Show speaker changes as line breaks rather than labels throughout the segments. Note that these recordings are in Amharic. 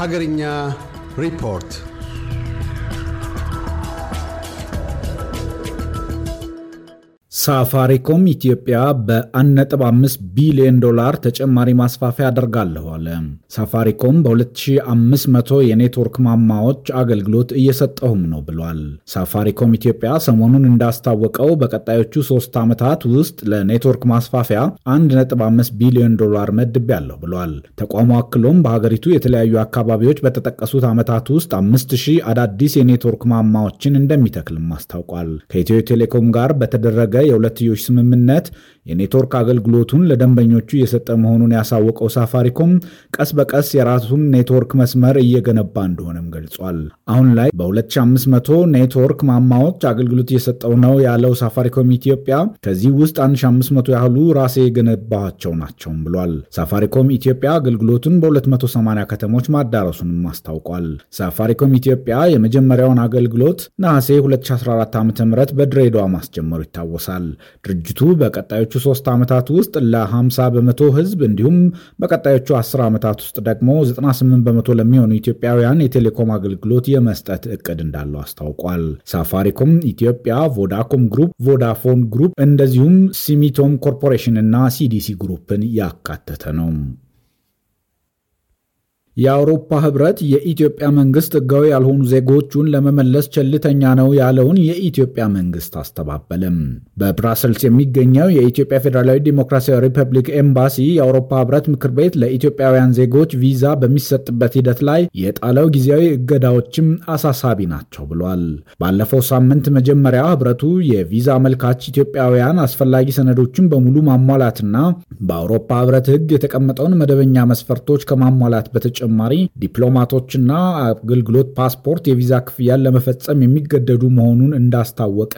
ሀገርኛ ሪፖርት ሳፋሪኮም ኢትዮጵያ በ1.5 ቢሊዮን ዶላር ተጨማሪ ማስፋፊያ አደርጋለሁ አለ። ሳፋሪኮም በ2500 የኔትወርክ ማማዎች አገልግሎት እየሰጠሁም ነው ብሏል። ሳፋሪኮም ኢትዮጵያ ሰሞኑን እንዳስታወቀው በቀጣዮቹ ሶስት ዓመታት ውስጥ ለኔትወርክ ማስፋፊያ 1.5 ቢሊዮን ዶላር መድቤያለሁ ብሏል። ተቋሙ አክሎም በሀገሪቱ የተለያዩ አካባቢዎች በተጠቀሱት ዓመታት ውስጥ 5000 አዳዲስ የኔትወርክ ማማዎችን እንደሚተክልም አስታውቋል። ከኢትዮ ቴሌኮም ጋር በተደረገ የሁለትዮሽ ስምምነት የኔትወርክ አገልግሎቱን ለደንበኞቹ እየሰጠ መሆኑን ያሳወቀው ሳፋሪኮም ቀስ በቀስ የራሱን ኔትወርክ መስመር እየገነባ እንደሆነም ገልጿል። አሁን ላይ በ2500 ኔትወርክ ማማዎች አገልግሎት እየሰጠው ነው ያለው ሳፋሪኮም ኢትዮጵያ ከዚህ ውስጥ 1500 ያህሉ ራሴ የገነባቸው ናቸውም ብሏል። ሳፋሪኮም ኢትዮጵያ አገልግሎቱን በ280 ከተሞች ማዳረሱንም አስታውቋል። ሳፋሪኮም ኢትዮጵያ የመጀመሪያውን አገልግሎት ነሐሴ 2014 ዓ ም በድሬዳዋ ማስጀመሩ ይታወሳል። ይገኛል። ድርጅቱ በቀጣዮቹ ሶስት ዓመታት ውስጥ ለ50 በመቶ ህዝብ እንዲሁም በቀጣዮቹ 10 ዓመታት ውስጥ ደግሞ 98 በመቶ ለሚሆኑ ኢትዮጵያውያን የቴሌኮም አገልግሎት የመስጠት እቅድ እንዳለው አስታውቋል። ሳፋሪኮም ኢትዮጵያ፣ ቮዳኮም ግሩፕ፣ ቮዳፎን ግሩፕ እንደዚሁም ሲሚቶም ኮርፖሬሽን እና ሲዲሲ ግሩፕን ያካተተ ነው። የአውሮፓ ህብረት የኢትዮጵያ መንግስት ህጋዊ ያልሆኑ ዜጎቹን ለመመለስ ቸልተኛ ነው ያለውን የኢትዮጵያ መንግስት አስተባበለም። በብራሰልስ የሚገኘው የኢትዮጵያ ፌዴራላዊ ዴሞክራሲያዊ ሪፐብሊክ ኤምባሲ የአውሮፓ ህብረት ምክር ቤት ለኢትዮጵያውያን ዜጎች ቪዛ በሚሰጥበት ሂደት ላይ የጣለው ጊዜያዊ እገዳዎችም አሳሳቢ ናቸው ብሏል። ባለፈው ሳምንት መጀመሪያ ህብረቱ የቪዛ አመልካች ኢትዮጵያውያን አስፈላጊ ሰነዶችን በሙሉ ማሟላትና በአውሮፓ ህብረት ህግ የተቀመጠውን መደበኛ መስፈርቶች ከማሟላት በተጨ በተጨማሪ ዲፕሎማቶችና አገልግሎት ፓስፖርት የቪዛ ክፍያን ለመፈጸም የሚገደዱ መሆኑን እንዳስታወቀ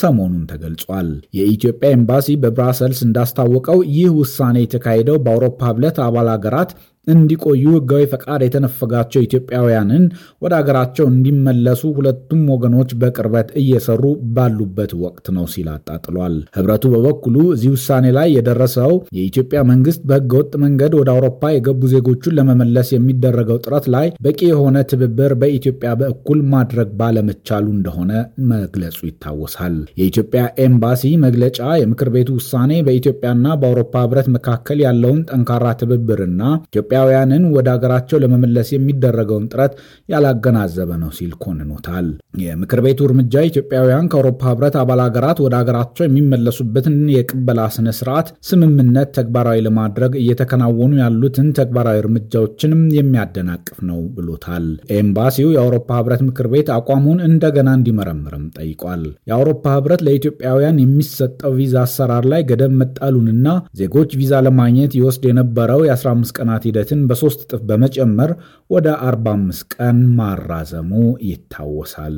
ሰሞኑን ተገልጿል። የኢትዮጵያ ኤምባሲ በብራሰልስ እንዳስታወቀው ይህ ውሳኔ የተካሄደው በአውሮፓ ህብረት አባል ሀገራት እንዲቆዩ ሕጋዊ ፈቃድ የተነፈጋቸው ኢትዮጵያውያንን ወደ አገራቸው እንዲመለሱ ሁለቱም ወገኖች በቅርበት እየሰሩ ባሉበት ወቅት ነው ሲል አጣጥሏል። ህብረቱ በበኩሉ እዚህ ውሳኔ ላይ የደረሰው የኢትዮጵያ መንግስት በህገወጥ መንገድ ወደ አውሮፓ የገቡ ዜጎቹን ለመመለስ የሚደረገው ጥረት ላይ በቂ የሆነ ትብብር በኢትዮጵያ በኩል ማድረግ ባለመቻሉ እንደሆነ መግለጹ ይታወሳል። የኢትዮጵያ ኤምባሲ መግለጫ የምክር ቤቱ ውሳኔ በኢትዮጵያና በአውሮፓ ህብረት መካከል ያለውን ጠንካራ ትብብርና ኢትዮጵያ ኢትዮጵያውያንን ወደ አገራቸው ለመመለስ የሚደረገውን ጥረት ያላገናዘበ ነው ሲል ኮንኖታል። የምክር ቤቱ እርምጃ ኢትዮጵያውያን ከአውሮፓ ህብረት አባል አገራት ወደ አገራቸው የሚመለሱበትን የቅበላ ስነ ስርዓት ስምምነት ተግባራዊ ለማድረግ እየተከናወኑ ያሉትን ተግባራዊ እርምጃዎችንም የሚያደናቅፍ ነው ብሎታል። ኤምባሲው የአውሮፓ ህብረት ምክር ቤት አቋሙን እንደገና እንዲመረምርም ጠይቋል። የአውሮፓ ህብረት ለኢትዮጵያውያን የሚሰጠው ቪዛ አሰራር ላይ ገደብ መጣሉንና ዜጎች ቪዛ ለማግኘት ይወስድ የነበረው የ15 ቀናት ሂደት ክብደትን በሶስት እጥፍ በመጨመር ወደ 45 ቀን ማራዘሙ ይታወሳል።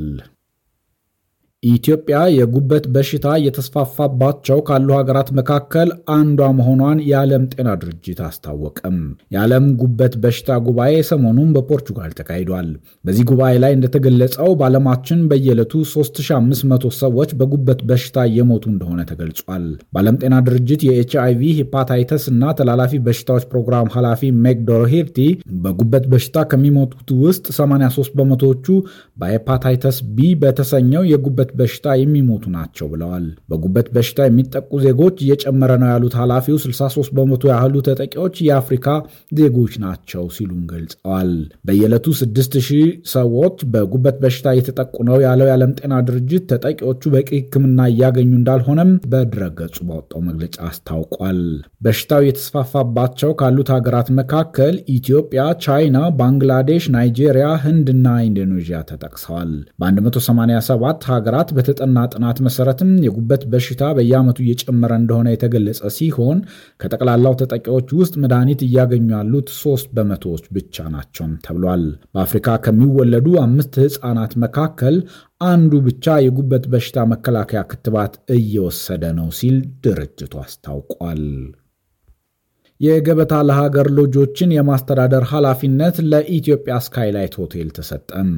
ኢትዮጵያ የጉበት በሽታ እየተስፋፋባቸው ካሉ ሀገራት መካከል አንዷ መሆኗን የዓለም ጤና ድርጅት አስታወቀም። የዓለም ጉበት በሽታ ጉባኤ ሰሞኑን በፖርቹጋል ተካሂዷል። በዚህ ጉባኤ ላይ እንደተገለጸው በዓለማችን በየዕለቱ 3500 ሰዎች በጉበት በሽታ እየሞቱ እንደሆነ ተገልጿል። በዓለም ጤና ድርጅት የኤች አይቪ ሂፓታይተስ እና ተላላፊ በሽታዎች ፕሮግራም ኃላፊ ሜግ በጉበት በሽታ ከሚሞቱት ውስጥ 83 በመቶዎቹ በሄፓታይተስ ቢ በተሰኘው የጉበት በሽታ የሚሞቱ ናቸው ብለዋል። በጉበት በሽታ የሚጠቁ ዜጎች እየጨመረ ነው ያሉት ኃላፊው 63 በመቶ ያህሉ ተጠቂዎች የአፍሪካ ዜጎች ናቸው ሲሉም ገልጸዋል። በየዕለቱ 6000 ሰዎች በጉበት በሽታ እየተጠቁ ነው ያለው የዓለም ጤና ድርጅት ተጠቂዎቹ በቂ ሕክምና እያገኙ እንዳልሆነም በድረገጹ ባወጣው መግለጫ አስታውቋል። በሽታው የተስፋፋባቸው ካሉት ሀገራት መካከል ኢትዮጵያ፣ ቻይና፣ ባንግላዴሽ፣ ናይጄሪያ፣ ህንድና ኢንዶኔዥያ ተጠቅሰዋል። በ187 ሀገራት ጥናት በተጠና ጥናት መሰረትም የጉበት በሽታ በየዓመቱ እየጨመረ እንደሆነ የተገለጸ ሲሆን ከጠቅላላው ተጠቂዎች ውስጥ መድኃኒት እያገኙ ያሉት ሶስት በመቶዎች ብቻ ናቸው ተብሏል። በአፍሪካ ከሚወለዱ አምስት ህፃናት መካከል አንዱ ብቻ የጉበት በሽታ መከላከያ ክትባት እየወሰደ ነው ሲል ድርጅቱ አስታውቋል። የገበታ ለሀገር ሎጆችን የማስተዳደር ኃላፊነት ለኢትዮጵያ ስካይላይት ሆቴል ተሰጠም።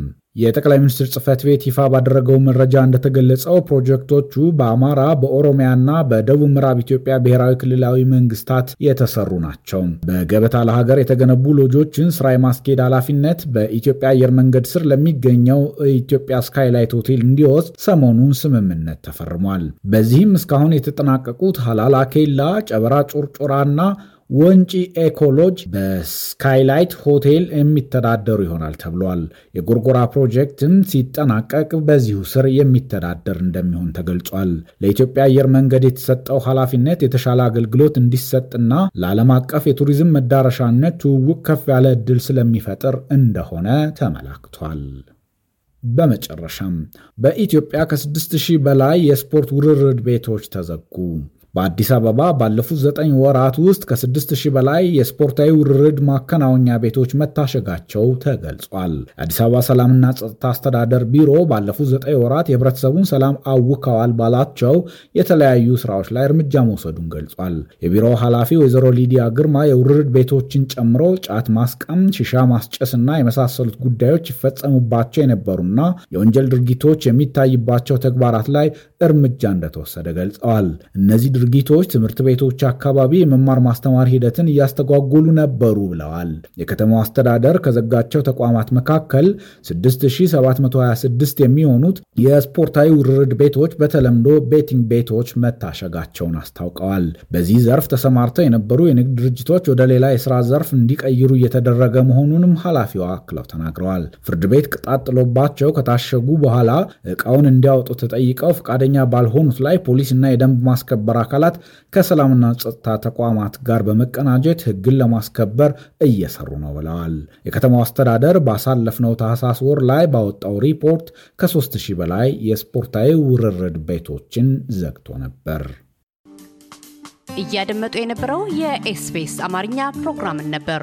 የጠቅላይ ሚኒስትር ጽህፈት ቤት ይፋ ባደረገው መረጃ እንደተገለጸው ፕሮጀክቶቹ በአማራ በኦሮሚያና በደቡብ ምዕራብ ኢትዮጵያ ብሔራዊ ክልላዊ መንግስታት የተሰሩ ናቸው። በገበታ ለሀገር የተገነቡ ሎጆችን ስራ የማስኬድ ኃላፊነት በኢትዮጵያ አየር መንገድ ስር ለሚገኘው ኢትዮጵያ ስካይላይት ሆቴል እንዲወስድ ሰሞኑን ስምምነት ተፈርሟል። በዚህም እስካሁን የተጠናቀቁት ሀላላ ኬላ፣ ጨበራ ጩርጩራና ወንጪ ኤኮሎጅ በስካይላይት ሆቴል የሚተዳደሩ ይሆናል ተብሏል። የጎርጎራ ፕሮጀክትም ሲጠናቀቅ በዚሁ ስር የሚተዳደር እንደሚሆን ተገልጿል። ለኢትዮጵያ አየር መንገድ የተሰጠው ኃላፊነት የተሻለ አገልግሎት እንዲሰጥና ለዓለም አቀፍ የቱሪዝም መዳረሻነት ትውውቅ ከፍ ያለ እድል ስለሚፈጥር እንደሆነ ተመላክቷል። በመጨረሻም በኢትዮጵያ ከ6000 በላይ የስፖርት ውርርድ ቤቶች ተዘጉ። በአዲስ አበባ ባለፉት ዘጠኝ ወራት ውስጥ ከ6000 በላይ የስፖርታዊ ውርርድ ማከናወኛ ቤቶች መታሸጋቸው ተገልጿል። የአዲስ አበባ ሰላምና ጸጥታ አስተዳደር ቢሮ ባለፉት ዘጠኝ ወራት የህብረተሰቡን ሰላም አውከዋል ባላቸው የተለያዩ ስራዎች ላይ እርምጃ መውሰዱን ገልጿል። የቢሮው ኃላፊ ወይዘሮ ሊዲያ ግርማ የውርርድ ቤቶችን ጨምሮ ጫት ማስቀም፣ ሺሻ ማስጨስና የመሳሰሉት ጉዳዮች ይፈጸሙባቸው የነበሩና የወንጀል ድርጊቶች የሚታይባቸው ተግባራት ላይ እርምጃ እንደተወሰደ ገልጸዋል። እነዚህ ድርጊቶች ትምህርት ቤቶች አካባቢ የመማር ማስተማር ሂደትን እያስተጓጎሉ ነበሩ ብለዋል። የከተማው አስተዳደር ከዘጋቸው ተቋማት መካከል 6726 የሚሆኑት የስፖርታዊ ውርርድ ቤቶች በተለምዶ ቤቲንግ ቤቶች መታሸጋቸውን አስታውቀዋል። በዚህ ዘርፍ ተሰማርተው የነበሩ የንግድ ድርጅቶች ወደ ሌላ የስራ ዘርፍ እንዲቀይሩ እየተደረገ መሆኑንም ኃላፊዋ አክለው ተናግረዋል። ፍርድ ቤት ቅጣት ጥሎባቸው ከታሸጉ በኋላ እቃውን እንዲያወጡ ተጠይቀው ፈቃደኛ ባልሆኑት ላይ ፖሊስና የደንብ ማስከበር አካል አካላት ከሰላምና ጸጥታ ተቋማት ጋር በመቀናጀት ሕግን ለማስከበር እየሰሩ ነው ብለዋል። የከተማው አስተዳደር ባሳለፍነው ታህሳስ ወር ላይ ባወጣው ሪፖርት ከ3000 በላይ የስፖርታዊ ውርርድ ቤቶችን ዘግቶ ነበር። እያደመጡ የነበረው የኤስቢኤስ አማርኛ ፕሮግራምን ነበር።